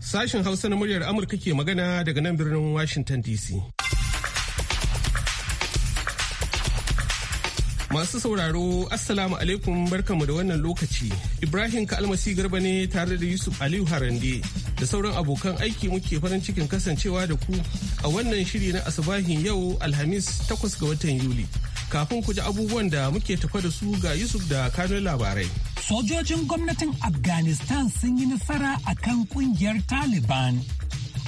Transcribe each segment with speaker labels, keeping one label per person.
Speaker 1: Sashen Hausa na muryar Amurka ke magana daga nan birnin Washington DC. Masu sauraro, Assalamu alaikum barkamu da wannan lokaci. Ibrahim Kalmasi Garba ne tare da Yusuf Aliyu Harande. da sauran abokan aiki muke farin cikin kasancewa da ku a wannan shiri na asabahin yau alhamis 8 ga watan yuli kafin ku ji abubuwan da muke tafa da su ga yusuf da kanun labarai
Speaker 2: sojojin gwamnatin afghanistan sun yi nasara a kan kungiyar taliban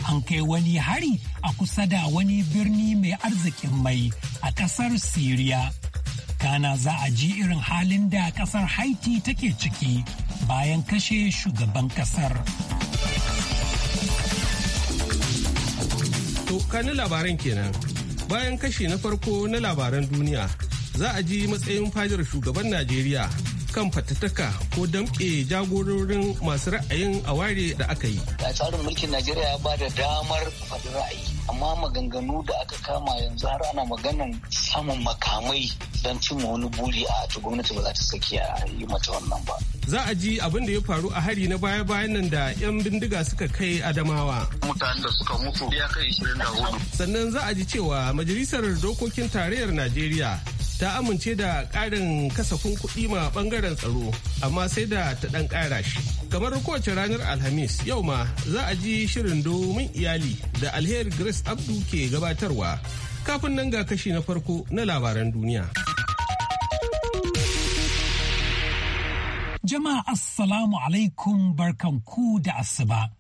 Speaker 2: an kai wani hari a kusa da wani birni mai arzikin mai a kasar syria kana za a ji irin halin da kasar haiti take ciki bayan kashe shugaban kasar. tsakanin
Speaker 1: labaran kenan bayan kashi na farko na labaran duniya za a ji matsayin fadar shugaban najeriya kan fatattaka ko damƙe jagororin masu ra'ayin aware da aka yi.
Speaker 3: tsarin mulkin Najeriya ya ba da damar faɗi ra'ayi. amma maganganu da aka kama yanzu har ana maganan samun makamai don cimma wani buri a ta gwamnati ba za ta saki a yi mata wannan ba
Speaker 1: za a ji abin da ya faru a hari na baya-bayan nan da 'yan bindiga suka kai adamawa
Speaker 4: mutanen da suka mutu ya kai 24
Speaker 1: sannan za a ji cewa majalisar dokokin tarayyar najeriya ta amince da ƙarin kasafin kuɗi ma ɓangaren tsaro amma sai da ta ɗan ƙara shi kamar kowace ranar alhamis yau ma za a ji shirin domin iyali da alheri grace abdu ke gabatarwa kafin nan ga kashi na farko na labaran duniya
Speaker 2: jama'a assalamu alaikum barkanku da asuba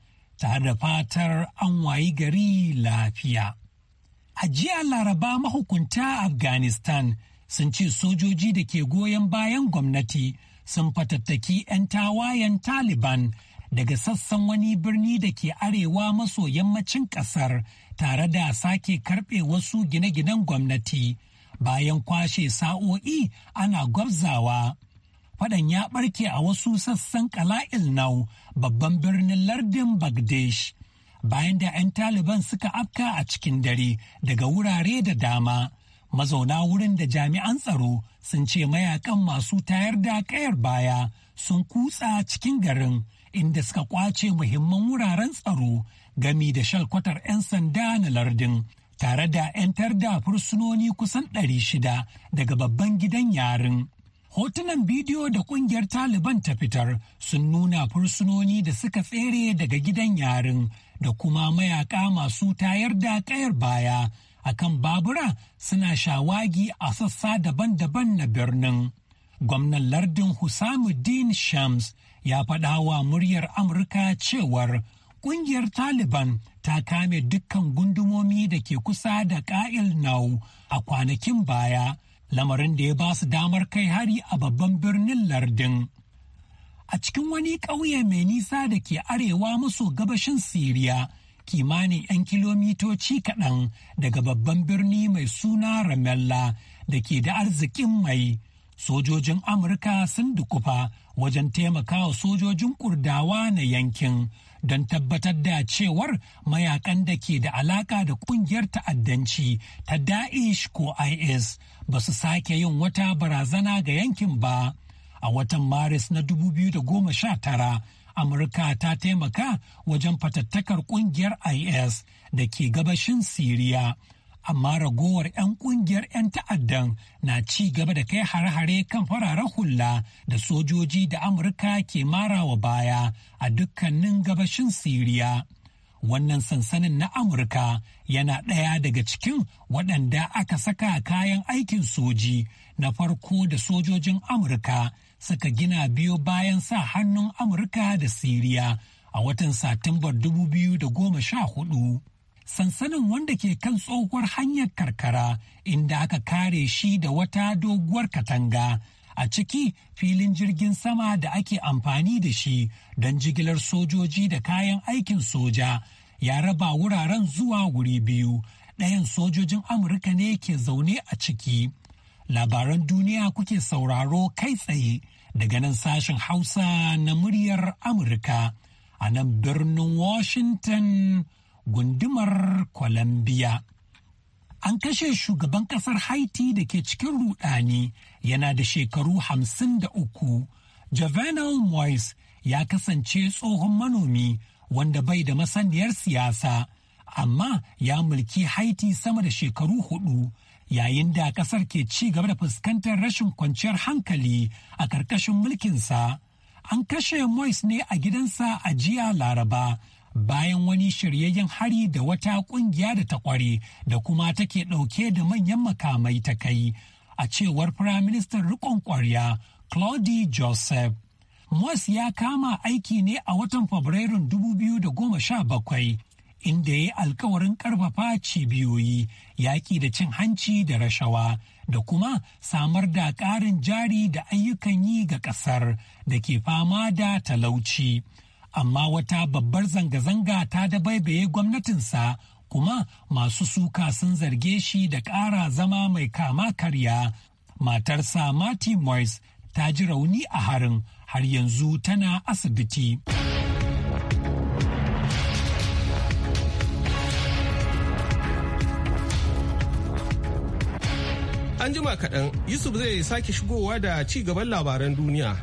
Speaker 2: tare da fatar an wayi gari lafiya a jiya laraba mahukunta afghanistan sun ce sojoji da ke goyon bayan gwamnati sun fatattaki 'yan tawayen Taliban daga sassan wani birni da ke arewa maso yammacin ƙasar tare da sake karɓe wasu gine-ginen gwamnati bayan kwashe sa'o'i ana gwabzawa. Faɗan ya barke a wasu sassan Kala'il Nau babban birnin lardin Bagdesh bayan da 'yan Taliban suka afka a cikin dare daga wurare da dama. mazauna wurin da jami'an tsaro sun ce mayakan masu tayar da kayar baya sun kutsa cikin garin inda suka kwace muhimman wuraren tsaro gami da shalkwatar 'yan sanda na lardin tare da 'yantar da fursunoni kusan 600 daga babban gidan yarin. Hotunan bidiyo da kungiyar Taliban ta fitar sun nuna fursunoni da suka tsere daga gidan yarin da kuma mayaka masu tayar da kayar baya akan babura suna shawagi a sassa daban-daban na birnin. Gwamnan lardin Husamuddin Shams ya faɗa wa muryar Amurka cewar ƙungiyar Taliban ta kame dukkan gundumomi da ke kusa da ƙa'il nau a kwanakin baya, lamarin da ya ba su damar kai hari a babban birnin lardin. A cikin wani ƙauye mai nisa da ke arewa maso gabashin Siriya, kimanin 'yan kilomitoci kaɗan daga babban birni mai suna Ramella da ke da arzikin mai. Sojojin Amurka sun dukufa wajen taimakawa sojojin kurdawa na yankin don tabbatar da cewar mayakan da ke da alaka da kungiyar ta'addanci ta Daesh ko IS ba su sake yin wata barazana ga yankin ba. A watan Maris na 2019 amurka ta taimaka wajen fatattakar kungiyar is da ke gabashin siriya amma ragowar 'yan kungiyar 'yan ta'addan na ci gaba da kai hare-hare kan fararen hula da sojoji da amurka ke mara wa baya a dukkanin gabashin siriya wannan sansanin na amurka yana ɗaya daga cikin waɗanda aka saka kayan aikin soji na farko da sojojin amurka suka gina biyo bayan sa hannun Amurka da Siriya a watan Satumbar 2014. Sansanin wanda ke kan tsohuwar hanyar karkara inda aka kare shi da wata doguwar katanga. A ciki filin jirgin sama da ake amfani da shi don jigilar sojoji da kayan aikin soja ya raba wuraren zuwa wuri biyu. Ɗayan sojojin Amurka ne ke zaune a ciki. labaran duniya kuke sauraro kai tsaye daga nan sashen Hausa na muryar Amurka a nan birnin Washington gundumar Columbia. An kashe shugaban kasar Haiti da ke cikin rudani yana da shekaru hamsin da uku. Javenal Moise ya kasance tsohon manomi wanda bai da masaniyar siyasa, amma ya mulki Haiti sama da shekaru hudu. yayin da kasar ke ci gaba da fuskantar rashin kwanciyar hankali a ƙarƙashin mulkinsa. An kashe Moise ne a gidansa a jiya Laraba bayan wani shiryayyen hari da wata ƙungiya da ta kware da kuma take ɗauke da manyan makamai ta kai a cewar Firaministan riƙon ƙwarya claudi Joseph. Moise ya kama aiki ne a watan Fabrairun 2017 inda ya yi alkawarin karfafa cibiyoyi yaƙi da cin hanci da rashawa da kuma samar da ƙarin jari da ayyukan yi ga ƙasar da ke fama da talauci. Amma wata babbar zanga-zanga ta dabaibaye gwamnatinsa kuma masu suka sun zarge shi da ƙara zama mai kama karya. Matarsa Marty Moyes ta ji rauni a harin har yanzu tana asibiti.
Speaker 1: An kaɗan Yusuf zai sake shigowa da ci gaban labaran duniya.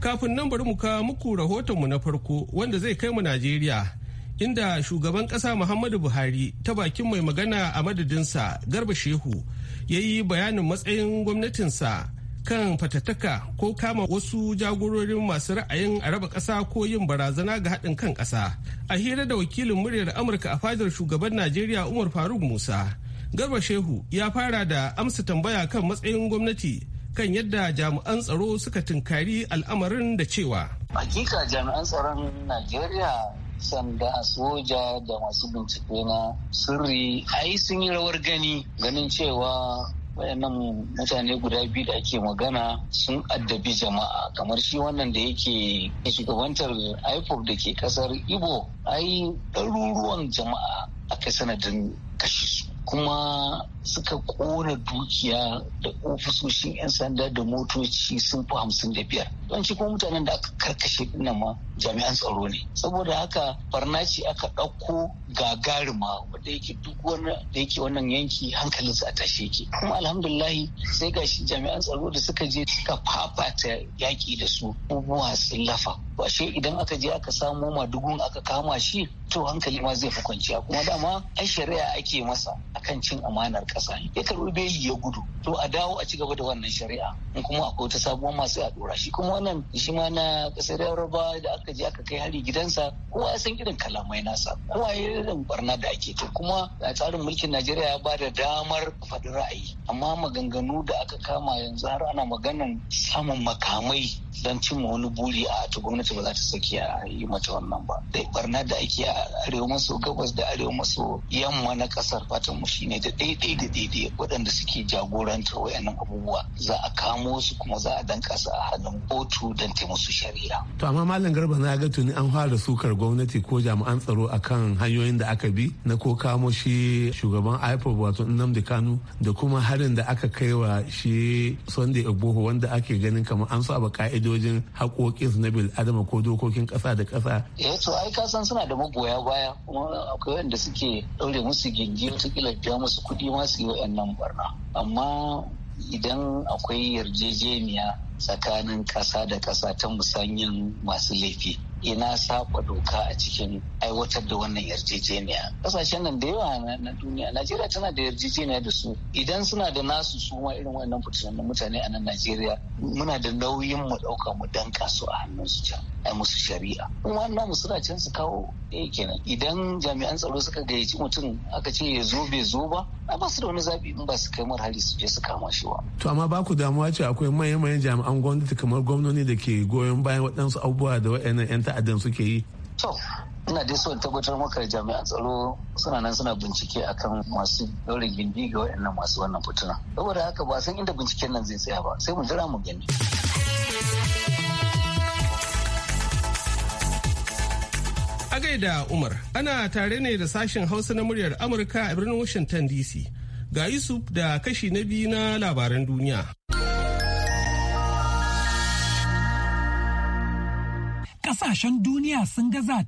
Speaker 1: Kafin nan bari mu ka muku rahoton mu na farko wanda zai kai mu Najeriya. Inda shugaban ƙasa Muhammadu Buhari ta bakin mai magana a madadinsa Garba Shehu ya yi bayanin matsayin gwamnatinsa kan fatattaka ko kama wasu jagororin masu ra'ayin a raba ƙasa ko yin barazana ga haɗin kan ƙasa. A hira da wakilin muryar Amurka a fadar shugaban Najeriya Umar Faruk Musa. Garba Shehu ya fara da amsa tambaya kan matsayin gwamnati kan yadda jami'an tsaro suka tunkari al'amarin da cewa.
Speaker 3: Hakika jami'an tsaron Najeriya sanda soja da masu bincike na sirri ai sun yi rawar gani ganin cewa wayannan mutane guda biyu da ake magana sun addabi jama'a kamar shi wannan da yake shugabantar ipob da ke kasar ibo ai ɗaruruwan jama'a aka sanadin kashe su 么？suka kona dukiya da ofisoshin 'yan sanda da motoci sun fi hamsin da biyar yawanci kuma mutanen da aka karkashe dinnan ma jami'an tsaro ne saboda haka farnaci aka ɗauko gagarima wanda yake duk wani da yake wannan yanki su a tashe yake kuma alhamdulahi sai gashi jami'an tsaro da suka je suka fafata yaƙi da su abubuwa sun lafa Washe idan aka je aka samo madugun aka kama shi to hankali ma zai fi kwanciya kuma dama ai shari'a ake masa akan cin amanar kasa ya karbi beyi ya gudu to a dawo a ci gaba da wannan shari'a in kuma akwai wata sabuwar masu a dora shi kuma wannan shi ma na kasar yaroba da aka je aka kai hari gidansa kowa ya san irin kalamai nasa kowa ya irin barna da ake to kuma a tsarin mulkin najeriya ya bada damar faɗi ra'ayi amma maganganu da aka kama yanzu har ana maganan samun makamai don cimma wani buri a ta gwamnati ba za ta saki a yi mata wannan ba da barna da ake a arewa maso gabas da arewa maso yamma na kasar fatan mu shine da ɗaiɗai da waɗanda suke jagorantar wayannan abubuwa za a kamo su kuma za a danka su a hannun
Speaker 5: kotu don ta shari'a. To amma Malam Garba na ga tuni an fara sukar gwamnati ko jami'an tsaro akan hanyoyin da aka bi na ko kamo shi shugaban IPOB wato Nnamdi Kanu da kuma harin da aka kai wa shi Sunday Igboho wanda ake ganin kamar an saba ka'idojin haƙoƙin na bil adama ko dokokin ƙasa da ƙasa.
Speaker 3: Eh to ai ka san suna da magoya baya kuma akwai wanda suke ɗaure musu gindi wata biya musu kuɗi ma su yi wa'annan barna amma idan akwai yarjejeniya tsakanin ƙasa da ƙasa ta musanyen masu laifi ina saba doka a cikin aiwatar da wannan yarjejeniya kasashen nan da yawa na duniya najeriya tana da yarjejeniya da su idan suna da nasu su ma irin wannan fitattun mutane a nan najeriya muna da nauyin mu ɗauka mu danka su a hannun su can ai musu shari'a kuma namu suna can su kawo eh kenan idan jami'an tsaro suka gayyaci mutum aka ce ya zo bai zo ba a ba su da wani zabi in ba su kai mar hali su je su kama shi ba
Speaker 5: to amma ba ku damuwa ce akwai manyan manyan jami'an gwamnati kamar gwamnoni da ke goyon bayan waɗansu abubuwa da waɗannan 'yan ta'addan suke yi to
Speaker 3: ina dai so tabbatar maka jami'an tsaro suna nan suna bincike akan masu daurin gindi ga waɗannan masu wannan fituna saboda haka ba san inda binciken nan zai tsaya ba sai mu jira mu gani
Speaker 1: a gaida umar ana tare ne da sashen hausa na muryar amurka a birnin washington dc ga yusuf da kashi na biyu na labaran duniya
Speaker 2: Ƙasashen duniya sun gaza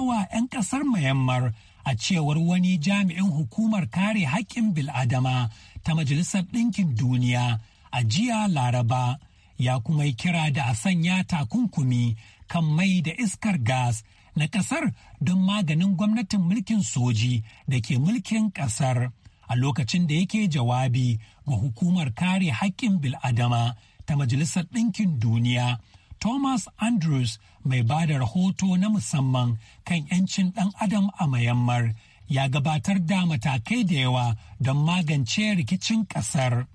Speaker 2: wa 'yan kasar Myanmar a cewar wani jami'in hukumar kare haƙƙin bil'adama ta Majalisar Ɗinkin Duniya a jiya Laraba ya kuma yi kira da a sanya takunkumi kan mai da iskar gas na ƙasar don maganin gwamnatin mulkin soji da ke mulkin ƙasar a lokacin da yake jawabi ga hukumar kare haƙƙin bil'adama ta Majalisar Ɗinkin Duniya. Thomas Andrews mai ba da rahoto na musamman kan 'yancin ɗan adam a Mayammar ya gabatar da matakai da yawa don magance rikicin ƙasar.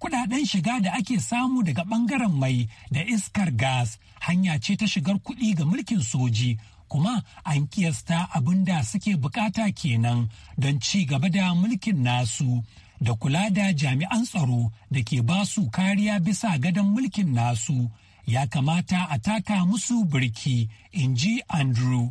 Speaker 2: Kudaden shiga da ake samu daga ɓangaren mai da iskar gas hanya ce ta shigar kuɗi ga mulkin soji kuma an kiyasta abin da suke bukata kenan don ci gaba da mulkin nasu da kula da jami'an tsaro da ke ba su kariya bisa gadon mulkin nasu. ya kamata a taka musu birki in ji andrew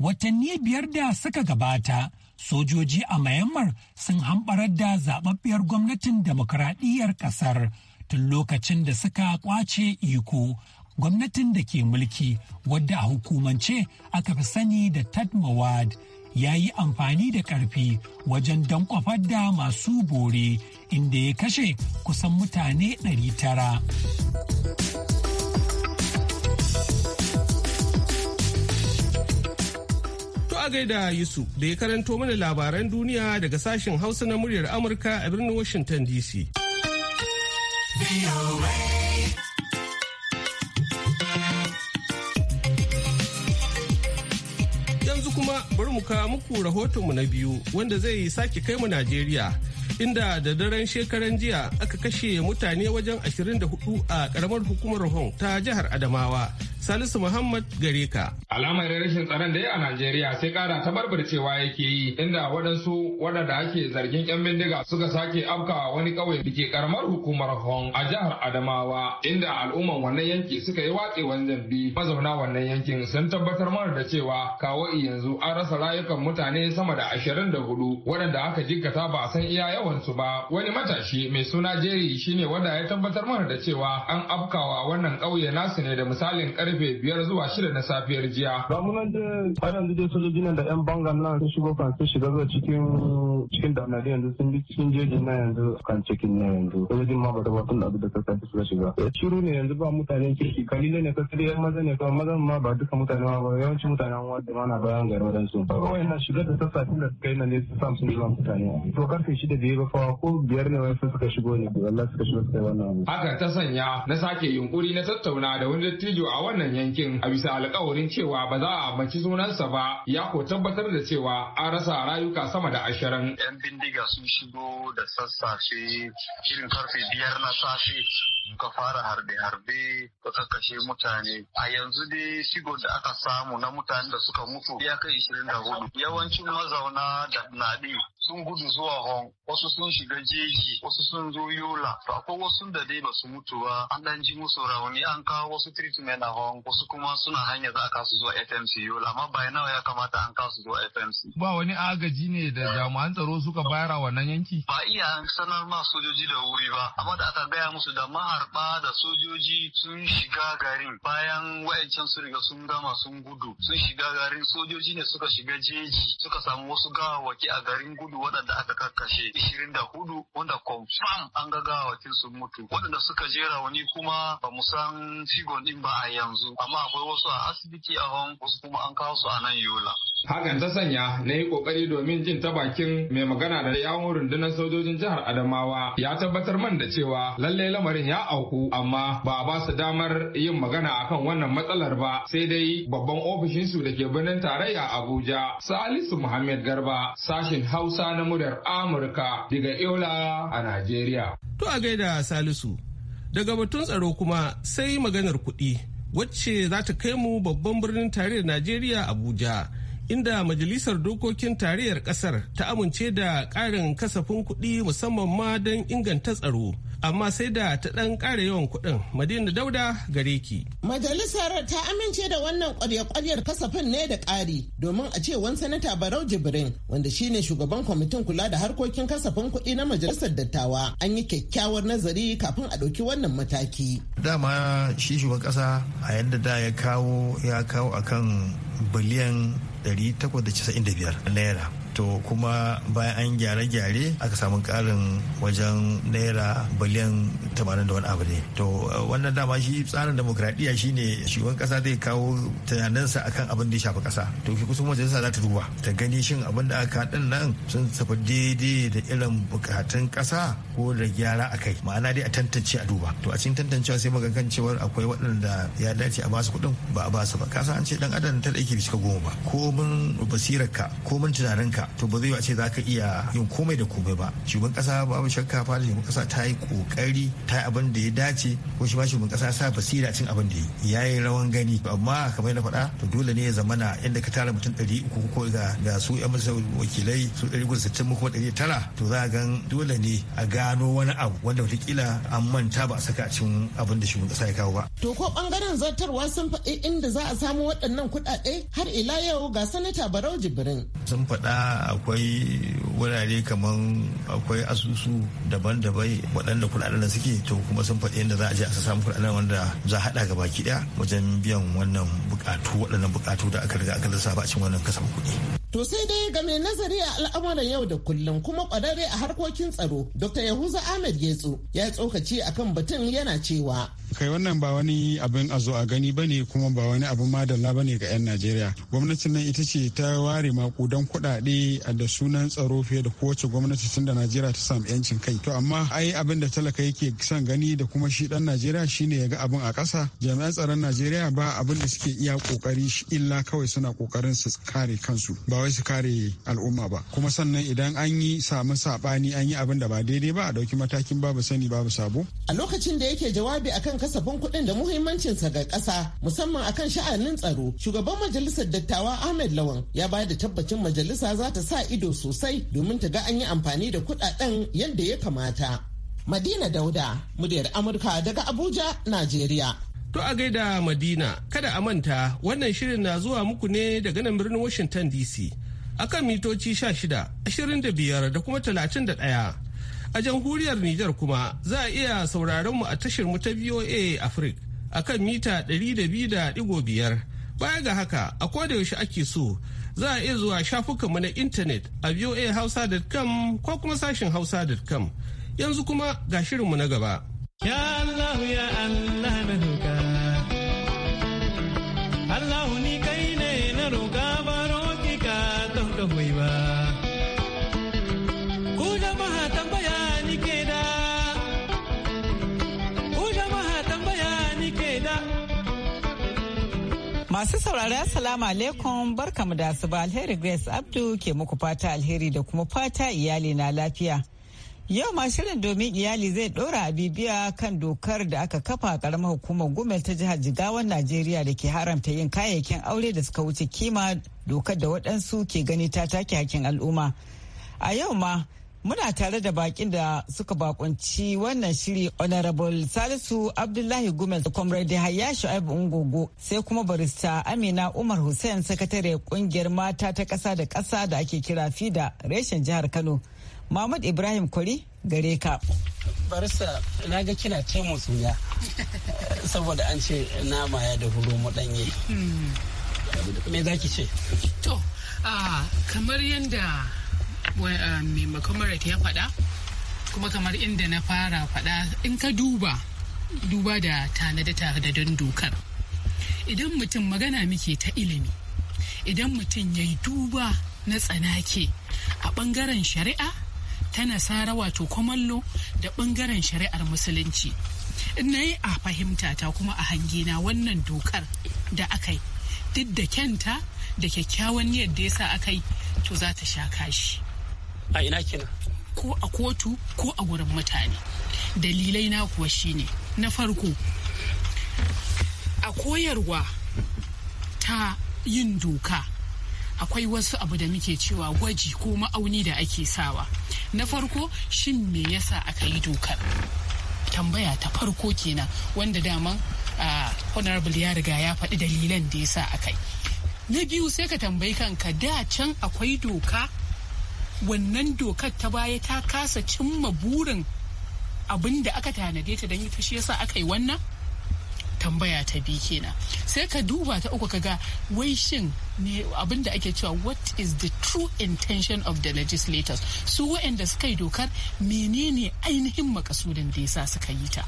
Speaker 2: watanni biyar da suka gabata sojoji a Myanmar sun hambarar da zababbiyar gwamnatin demokuraɗiyyar ƙasar tun lokacin da suka ƙwace iko gwamnatin da ke mulki wadda a hukumance aka fi sani da tadmawad ya yi amfani da ƙarfi wajen don da masu bore inda ya kashe kusan mutane 900
Speaker 1: a gaida Yusuf da ya karanto mana labaran duniya daga sashen Hausa na muryar Amurka a birnin Washington DC. Yanzu kuma bari mu kawo muku rahotonmu na biyu wanda zai sake kai mu Najeriya. inda da daren shekaran jiya aka kashe mutane wajen 24 a karamar hukumar hong ta jihar adamawa Salisu Muhammad
Speaker 6: gare ka. Alamar rashin tsaron da ya a Najeriya sai kara ta barbarcewa yake yi inda waɗansu waɗanda ake zargin 'yan bindiga suka sake afkawa wani ƙauye da ke karamar hukumar Hong a jihar Adamawa inda al'umman wannan yanki suka yi wani zambi mazauna wannan yankin sun tabbatar mana da cewa kawo yanzu an rasa rayukan mutane sama da ashirin da hudu waɗanda aka jikkata ba a san iya yawansu ba wani matashi mai suna Jeri shine wanda ya tabbatar mana da cewa an afkawa wannan ƙauye nasu ne da misalin ƙarfi karfe biyar zuwa shida na safiyar jiya. Ramunan da
Speaker 1: har da dai sojoji nan da 'yan bangan nan sun shigo kan sun shiga zuwa cikin cikin damnadi yanzu sun bi
Speaker 4: cikin jejin na yanzu kan cikin na yanzu. Sojojin ma ba ta batun abu da ta su suka shiga. Eh, shiru ne yanzu
Speaker 1: ba mutanen kirki kalile ne kasu da 'yan maza ne kawai mazan ma ba duka mutane ma ba yawanci mutane an wadda ma na bayan gari wajen wadansu. Kawai na shiga da sassa safi da suka yi na ne su samu sun zuwa mutane. To karfe shida da ya ba fawa ko biyar ne wani suka shigo ne. Allah suka shigo suka yi wannan abu. Hakan
Speaker 6: ta sanya na sake yunkuri na tattauna da wani dattijo a wannan wannan yankin a bisa alkawarin cewa ba za a ambaci sunansa ba ya ko tabbatar da cewa an rasa rayuka sama da ashirin.
Speaker 4: Yan bindiga sun shigo da sassafe shirin karfe biyar na safe suka fara harbe-harbe suka kashe mutane. A yanzu dai shigo da aka samu na mutane da suka mutu ya kai ishirin da hudu. Yawancin mazauna da nadi sun gudu zuwa hong wasu sun shiga jeji wasu sun zo yola to akwai wasu da dai basu mutu ba an dan ji musu rauni an kawo wasu treatment a hong wasu kuma suna hanya za a kasu zuwa fmc yola amma bai nawa ya kamata an kasu zuwa fmc
Speaker 6: ba wani agaji ne da jami'an tsaro suka bayar a wannan yanki
Speaker 4: ba iya sanar ma sojoji da wuri ba amma da aka gaya musu da maharba da sojoji sun shiga garin bayan wa'ancan su riga sun gama sun gudu sun shiga garin sojoji ne suka shiga jeji suka samu wasu waki a garin gudu gudu waɗanda aka da hudu wanda confirm an ga gawakin sun mutu waɗanda suka je rauni kuma ba mu san sigon ɗin ba a yanzu amma akwai wasu a asibiti a hon wasu kuma an kawo su a nan yola.
Speaker 6: Hakan ta sanya na yi kokari domin jin ta bakin mai magana da yawon rundunar sojojin jihar Adamawa ya tabbatar man da cewa lallai lamarin ya auku amma ba a ba su damar yin magana akan wannan matsalar ba sai dai babban ofishinsu da ke birnin tarayya Abuja Salisu Muhammad Garba sashin Hausa na muryar Amurka daga Eola a Najeriya. To a gaida Salisu daga batun tsaro kuma
Speaker 1: sai maganar kuɗi wacce za ta kai mu babban birnin tarayyar Najeriya Abuja. inda majalisar dokokin tarayyar kasar ta amince da karin kasafin kuɗi musamman ma don inganta tsaro amma sai da ta ɗan ƙara yawan kuɗin madina dauda gare ki.
Speaker 7: majalisar ta amince da wannan ƙwarya-ƙwaryar kasafin ne da ƙari domin a ce wani sanata barau jibrin wanda shine shugaban kwamitin kula da harkokin kasafin kuɗi na majalisar dattawa an yi kyakkyawar nazari kafin a ɗauki wannan mataki.
Speaker 4: dama shi shugaban kasa a yadda da ya kawo ya kawo akan biliyan biyar? naira to kuma bayan an gyare-gyare aka samu karin wajen naira biliyan tamanin da wani abu ne to eh, wannan dama shi tsarin demokradiyya shine shugaban kasa zai kawo tunaninsa akan abin da ya shafi kasa to ki kusan majalisa za ta duba ta gani shin abin da aka haɗin nan sun tafi daidai da irin bukatun kasa ko da gyara a kai ma'ana dai a tantance a duba to a cikin tantancewa sai magangan cewar akwai waɗanda ya dace a basu kuɗin ba a basu ba kasa an ce dan adam ta da yake ka goma ba ko mun basirarka ko mun tunaninka haka to ba zai yi a ce za ka iya yin komai da komai ba shugaban kasa babu shakka da shugaban kasa ta yi kokari ta yi abin da ya dace ko shi ba shugaban kasa sa basira cin abin da ya yi rawan gani amma kamar na faɗa to dole ne ya zamana inda ka tara mutum ɗari uku ko ga ga su yan masa wakilai su ɗari uku sittin muku ɗari tara to za a gan dole ne a gano wani abu wanda watakila an manta ba a saka a cikin abin da shugaban kasa ya kawo ba.
Speaker 7: to ko ɓangaren zartarwa sun faɗi inda za a samu waɗannan kuɗaɗe har ila yau ga sanata barau jibrin.
Speaker 4: sun faɗa akwai wurare kamar akwai asusu daban-daban waɗanda kuɗaɗen da suke to kuma sun faɗi yadda za a je a samu kuɗaɗen wanda za a haɗa gaba ɗaya wajen biyan wannan buƙatu waɗannan buƙatu da aka riga aka lissafa a cikin wannan kasafin
Speaker 7: kuɗi. To sai dai game nazari a al'amuran yau da kullum kuma kwararre a harkokin tsaro Dr. Yahuza Ahmed Getsu ya tsokaci akan batun yana cewa.
Speaker 6: Kai wannan ba wani abin a zo a gani ba ne kuma ba wani abin madalla ba ne ga 'yan Najeriya. Gwamnatin nan ita ce ta ware makudan kuɗaɗe da sunan tsaro fiye da kowace gwamnati tun da Najeriya ta samu 'yancin kai. To amma ai abin da talaka yake son gani da kuma shi ɗan Najeriya shine ya ga abin a ƙasa. Jami'an tsaron Najeriya ba abin da suke iya ƙoƙari illa kawai suna ƙoƙarin su kare kansu. wai su kare al'umma ba kuma sannan idan an yi samu sabani an yi abin da ba daidai ba a dauki matakin babu sani babu sabo a lokacin da yake jawabi akan kasafin kuɗin
Speaker 7: da muhimmancin sa ga ƙasa musamman akan sha'anin tsaro shugaban majalisar dattawa Ahmed Lawan ya ba da tabbacin majalisa za ta sa ido sosai domin ta ga an yi amfani da kuɗaɗen yadda ya kamata Madina Dauda, muryar Amurka daga Abuja, Najeriya.
Speaker 1: To a gaida Madina, kada a manta wannan shirin na zuwa muku ne daga nan birnin Washington DC akan mitoci 16, 25 da kuma 31. A jamhuriyar Nijar kuma za a iya sauraron mu a tashar mu ta VOA Africa akan mita 200.5. Baya ga haka, a yaushe ake so za a iya zuwa shafukanmu na intanet a voahausa.com ko kuma sashin hausa.com. Yanzu kuma ga shirinmu na gaba.
Speaker 4: Ya Allah ya Allah na Allah ni kai ne na roƙa ba
Speaker 1: roƙi ka don ka ba. Ku jama'a tambaya ni ke da, ku jama'a tambaya ni
Speaker 4: ke da.
Speaker 8: Masu saurari Assalamu alaikum barkamu da asuba alheri Grace Abdu ke muku fata alheri da kuma fata iyali na lafiya. Yau ma shirin domin iyali zai ɗora a bibiya kan dokar da aka kafa a ƙaramar hukumar gumel ta jihar Jigawan Najeriya da ke haramta yin kayayyakin aure da suka wuce kima dokar da waɗansu ke gani ta take hakkin al'umma. A yau ma muna tare da bakin da suka bakunci wannan shiri honorable salisu abdullahi gumel comrade hayya shu'aibu ungogo sai kuma barista amina umar hussein sakatare kungiyar mata ta ƙasa da ƙasa da ake kira fida reshen jihar kano Mahmud Ibrahim Kwari gare ka.
Speaker 9: Barista na ga kina ce wuya saboda an ce nama ya da huro mu danye. Me za ki ce?
Speaker 10: To, kamar yadda mai makamarat ya faɗa, kuma kamar inda na fara faɗa in ka duba, duba da tanada tare don dokar. Idan mutum magana muke ta ilimi, idan mutum ya yi duba na tsanake a ɓangaren shari'a ta nasara wato kwamallo da bangaren shari'ar musulunci na yi a fahimta ta kuma a hangina wannan dokar da aka yi duk da kyanta da kyakkyawan yadda ya sa aka yi to za ta sha kashi a ina kina ko a kotu ko a wurin mutane dalilai na kuwa shine na farko a koyarwa ta yin doka akwai wasu abu da muke cewa gwaji ko ma'auni da ake sawa na farko shin me yasa aka yi dokar tambaya ta farko kenan wanda daman honorable ya riga ya faɗi dalilan da yasa aka yi na biyu sai ka tambayi kanka da can akwai doka wannan dokar ta baya ta kasa cimma burin abinda aka tanade ta don ita shi yasa aka yi wannan tambaya ta bi kenan sai ka duba ta uku kaga wai shin abin da ake cewa what is the true intention of the legislators su wa'anda suka yi dokar menene ainihin makasudin da yasa suka yi ta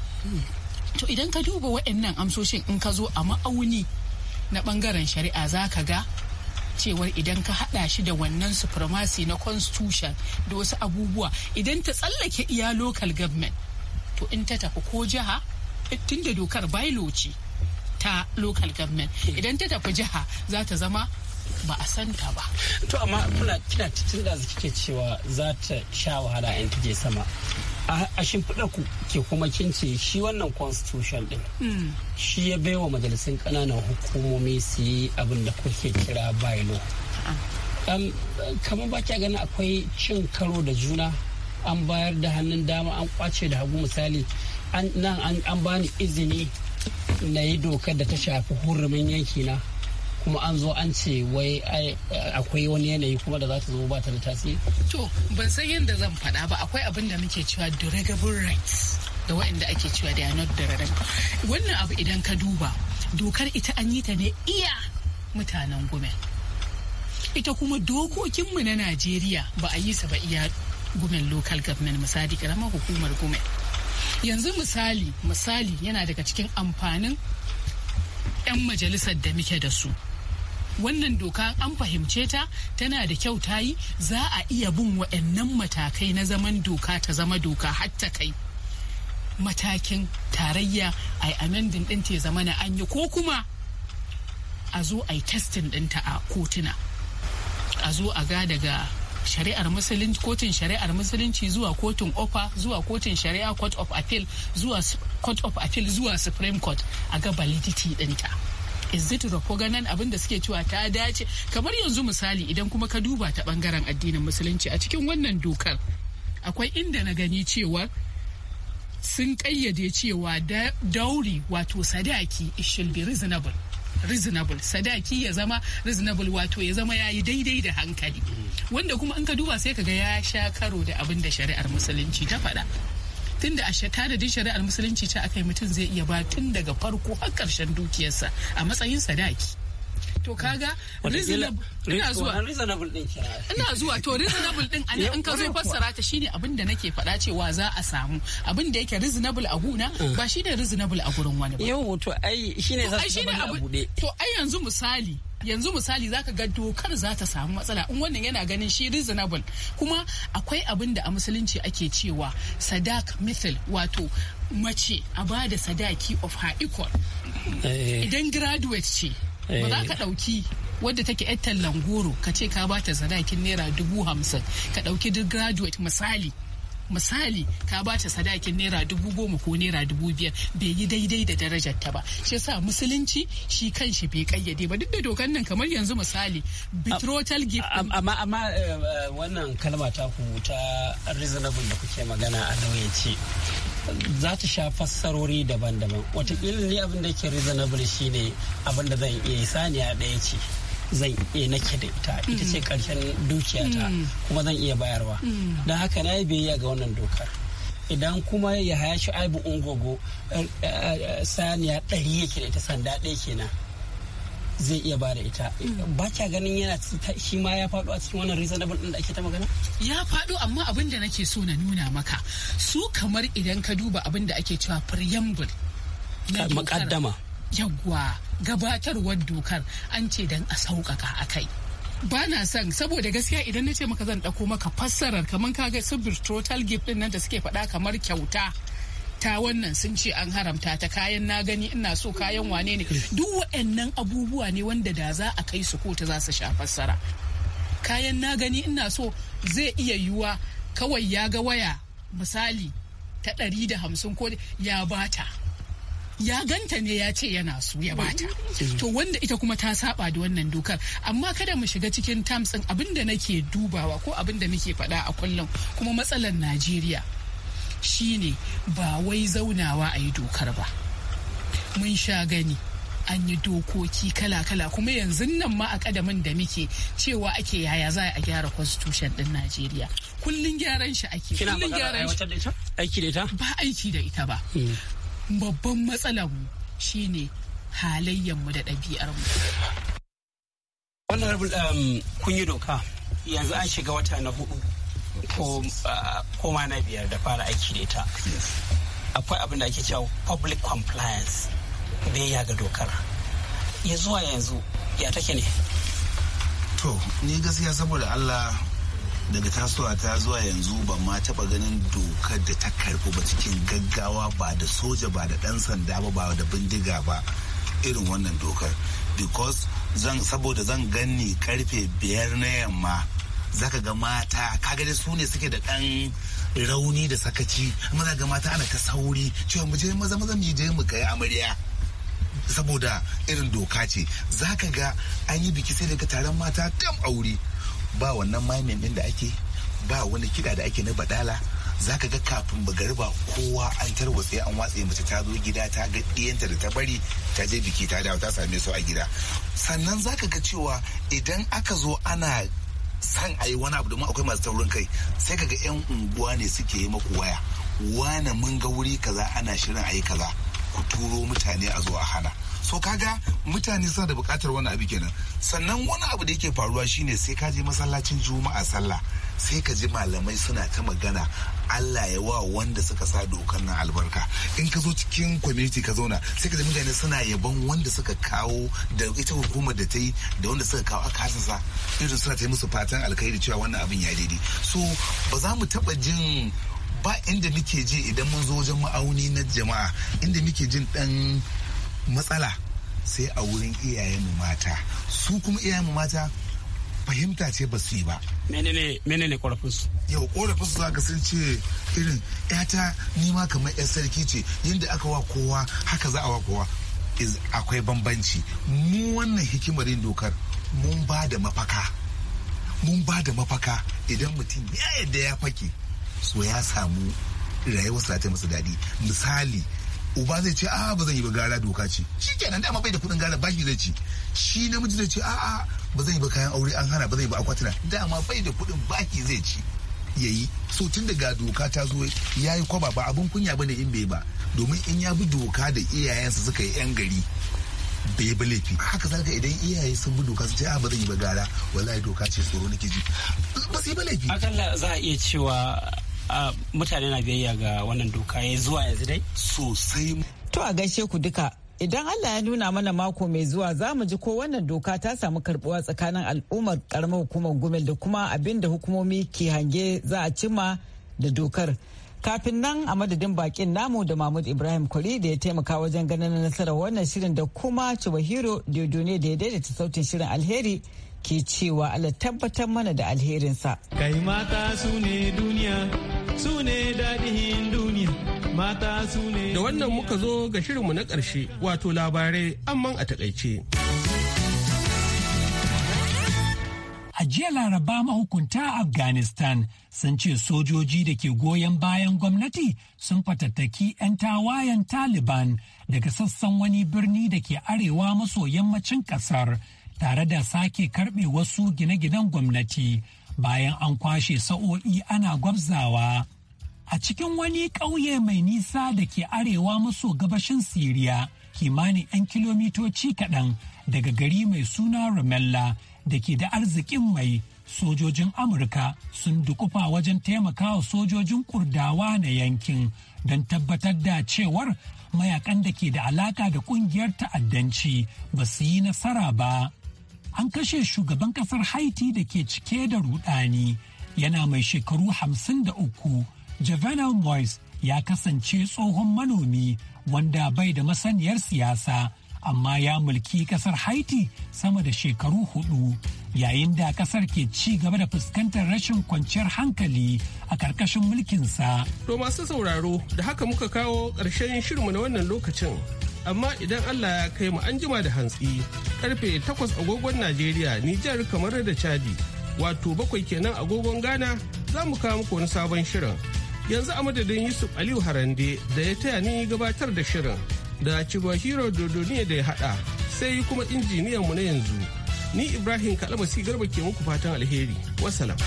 Speaker 10: to idan ka duba waɗannan amsoshin in ka zo a ma'auni na bangaren shari'a za ka ga cewar idan ka hada shi da wannan supremacy na constitution da wasu abubuwa idan ta tsallake iya local government to in ta tafi ko jiha Eh, tun da dokar bailo ce ta local government hmm. idan ta tafi jiha za ta zama ba a santa ba.
Speaker 9: To amma kuna kina tun da kike cewa za ta sha wahala in take sama. A shimfiɗa ku ke kuma kince shi wannan constitution din. Hmm. Shi ya baiwa majalisun ƙananan hukumomi su yi abin da kuke kira bailo. Ah. Kamar ba kya ganin akwai cin karo da juna an bayar da hannun dama an kwace da hagu misali nan an bani izini na yi dokar da ta shafi hurumin yankina kuma an zo an ce wai akwai wani yanayi kuma da za ta zo ba ta da tasiri.
Speaker 10: To ban san yadda zan faɗa ba akwai abin da muke cewa durable rights da waɗanda ake cewa da yanar da Wannan abu idan ka duba dokar ita an yi ta ne iya mutanen gumen. Ita kuma dokokinmu na Najeriya ba a yi sa ba iya gumen local government misali karamar hukumar gumen. yanzu misali misali yana daga cikin amfanin 'yan majalisar da muke da su wannan doka an fahimce ta tana da kyau ta yi za a iya bin waɗannan matakai na zaman doka ta zama doka hatta kai matakin tarayya a amendin din ta zama na anyi ko kuma a zo a yi testin ɗinta a kotuna a zo a ga daga shari'ar musulunci kotun shari'ar musulunci zuwa kotun ofa zuwa kotun shari'a court of appeal zuwa court of appeal zuwa supreme court a ga validity dinta is it ganin abin da suke cewa ta dace kamar yanzu misali idan kuma ka duba ta bangaren addinin musulunci a cikin wannan dokar akwai inda na gani cewa sun kayyade cewa dauri wato sadaki it should be reasonable reasonable sadaki ya zama reasonable wato ya zama yayi daidai da hankali wanda kuma in ka duba sai kaga ya sha karo da abin da shari'ar musulunci ta faɗa tunda a da shari'ar musulunci ta akai mutum zai iya ba tun daga farko har karshen dukiyarsa a matsayin sadaki to kaga ina zuwa reasonable din ina zuwa to reasonable din anan in ka zo fassara ta shine abin da nake faɗa cewa za a samu abin da yake reasonable a guna mm. ba shine reasonable a gurin wani ba yau to ai shine za su bude to ai yanzu misali yanzu misali zaka ga dokar za ta samu matsala in wannan yana ganin shi reasonable kuma akwai abin da a musulunci ake cewa sadak mithil wato mace a bada sadaki of her equal eh. idan graduate ce ba za eh. ka ɗauki wadda take yar tallan goro ka ce ka bata sadakin naira dubu hamsin ka ɗauki duk graduate misali misali ka bata sadakin naira dubu goma ko naira dubu biyar bai yi daidai da darajar ta ba shi yasa musulunci shi kan shi bai kayyade ba duk da dokan nan kamar yanzu misali betrothal gift amma amma eh, wannan kalma ta ku ta reasonable da kuke
Speaker 9: magana a lauyanci za ta sha fassarori daban-daban watakila ne abin da ke reasonable shine abin da zan iya saniya daya ce zan iya nake da ita ita ce karshen mm. dukiyata mm. kuma zan iya bayarwa mm. don haka na yi biyayya ga wannan dokar idan kuma ya haya shi aibu ungogo eh, eh, eh, saniya ɗari yake da ita sanda ɗaya kenan zai iya bada ita ba kya ganin yana
Speaker 10: shi ma ya faɗo a cikin wannan reasonable din da ake ta magana ya faɗo amma abin da nake so na nuna maka su kamar idan ka duba abin da ake cewa preamble na makaddama yawwa gabatarwar dokar an ce dan a sauƙaƙa a kai ba na son saboda gaskiya idan na ce maka zan ɗauko maka fassarar kamar kaga su total gift din nan da suke faɗa kamar kyauta Ta wannan sun ce an haramta ta kayan na gani ina so kayan wane ne duk waɗannan abubuwa ne wanda da za a kai su ko ta za su sha fassara kayan na gani ina so zai iya yiwuwa kawai ya ga waya misali ta ɗari da hamsin ko ya bata ya ganta ne ya ce yana so ya bata to wanda ita kuma ta saba da wannan dokar amma kada mu shiga cikin tams abinda nake dubawa ko abinda nake faɗa a kullum kuma matsalar najeriya shine ba wai zaunawa a yi dokar ba mun sha gani an yi dokoki kala-kala kuma yanzu nan ma a kadamin da muke cewa ake yaya za a gyara constitution din Najeriya kullun gyaran shi ake kullun gyaran shi ba aiki da ita ba hmm. babban matsalar mu shine halayyar mu da ɗabi'ar mu
Speaker 9: wannan um, kun yi doka yanzu an shiga wata na hudu Ah, ko ma na biyar da fara aiki da ita akwai abin da ake cewa public compliance ya ga dokar ya zuwa yanzu ya take ne
Speaker 5: to ni gaskiya saboda allah daga tasowa ta zuwa yanzu ban ma taba ganin dokar da ta karɓi ba cikin gaggawa ba da soja ba da ɗan sanda ba ba da bindiga ba irin wannan dokar because zan saboda zan ganni karfe biyar na yamma zaka ga mata kaga dai su ne suke da ɗan rauni da sakaci maza ga mata ana ta sauri cewa mu je maza maza mu je mu kai amarya saboda irin doka ce zaka ga an yi biki sai daga taron mata kam aure ba wannan mamin din da ake ba wani kiɗa da ake na badala zaka ga kafin Garba kowa an tarwatse an watse mace ta zo gida ta ga diyanta da ta bari ta je biki ta dawo ta same su a gida sannan zaka ga cewa idan aka zo ana san a yi wani abu domin akwai masu taurin kai sai kaga yan unguwa ne suke yi maku waya wane mun ga wuri kaza ana shirin a yi kaza ku turo mutane a zo a hana so kaga mutane suna da bukatar wani abu kenan sannan wani abu da yake faruwa shine sai ka je masallacin juma'a sallah sai ka ji malamai suna ta magana Allah ya wa wanda suka sa dokar nan albarka in ka zo cikin community ka zauna sai ka ji mutane suna yabon wanda suka kawo da ita hukumar da ta yi da wanda suka kawo aka hasasa irin suna ta yi musu fatan alkhairi cewa wannan abin ya daidai so ba za mu taba jin ba inda muke ji idan mun zo wajen ma'auni na jama'a inda muke jin dan matsala sai a wurin iyayenmu mata su kuma iyayenmu mata fahimta ce ba su yi ba menene menene su yau korafin su zaka sun ce irin yata nima kamar yan sarki ce yadda aka wa kowa haka za a wa kowa akwai bambanci mu wannan hikimar yin dokar mun ba da mafaka mun ba da mafaka idan mutum ya yadda ya fake so ya samu rayuwarsa ta masa daɗi misali uba zai ce a'a ba zan yi ba gara doka ce shi kenan dama bai da kuɗin gara bashi zai ci shi namiji zai ce a'a ba zan yi ba kayan aure an hana ba zan yi ba akwatina dama bai da kuɗin baki zai ci ya yi so tun daga doka ta zo ya yi kwaba ba abin kunya ba ne in bai ba domin in ya bi doka da iyayensa suka yi yan gari bai bi laifi haka zaka idan iyaye sun bi doka su ce a ba zan yi ba gara wallahi doka ce tsoro nake ji
Speaker 9: ba su yi ba laifi akalla za a iya cewa mutane na biyayya ga wannan doka ya zuwa yanzu dai sosai to a gaishe ku duka
Speaker 8: idan allah ya nuna mana mako mai zuwa za mu ji ko wannan doka ta samu karbuwa tsakanin al'ummar karamar hukumar gumel da kuma abin da hukumomi ke hange za a cimma da dokar kafin nan a madadin bakin namu da mahmud ibrahim kwari da ya taimaka wajen ganin nasarar wannan shirin da kuma chubahiro diodone da ya daidaita sautin shirin alheri ke cewa Allah tabbatar mana da alherinsa.
Speaker 4: Kai mata su ne duniya, su ne
Speaker 1: daɗin duniya, mata su ne Da wannan muka zo ga shirinmu na ƙarshe, wato labarai amman a taƙaice.
Speaker 2: A jiya laraba mahukunta Afghanistan sun ce sojoji da ke goyon bayan gwamnati sun fatattaki 'yan tawayen Taliban daga sassan wani birni da ke arewa maso yammacin ƙasar. tare da sake karbe wasu gine-ginen gwamnati bayan an kwashe sa'o'i ana gwabzawa. A cikin wani ƙauye mai nisa da ke arewa maso gabashin Siriya kimanin 'yan kilomitoci kaɗan daga gari mai suna Ramella da ke da arzikin mai sojojin Amurka sun dukufa wajen taimakawa sojojin kurdawa na yankin don tabbatar da cewar mayakan da ke da alaka da ƙungiyar ta'addanci ba su yi nasara ba. an kashe shugaban kasar haiti da ke cike da rudani yana mai shekaru 53 Javenal Moise ya kasance tsohon manomi wanda bai da masaniyar siyasa amma ya mulki kasar Haiti sama da shekaru hudu yayin da kasar ke ci gaba da fuskantar rashin kwanciyar hankali a karkashin mulkinsa. To
Speaker 1: masu sauraro da haka muka kawo ƙarshen shirinmu na wannan lokacin. amma idan Allah ya kai mu an jima da hantsi karfe 8 agogon Najeriya Nijar kamar da Chadi wato bakwai kenan agogon Ghana za mu kawo muku wani sabon shirin yanzu a madadin Yusuf Aliyu Harande da ya taya ni gabatar da shirin da hero Dodoniya da ya haɗa sai kuma injiniyan mu na yanzu ni Ibrahim Kalabasi Garba ke muku fatan alheri wassalam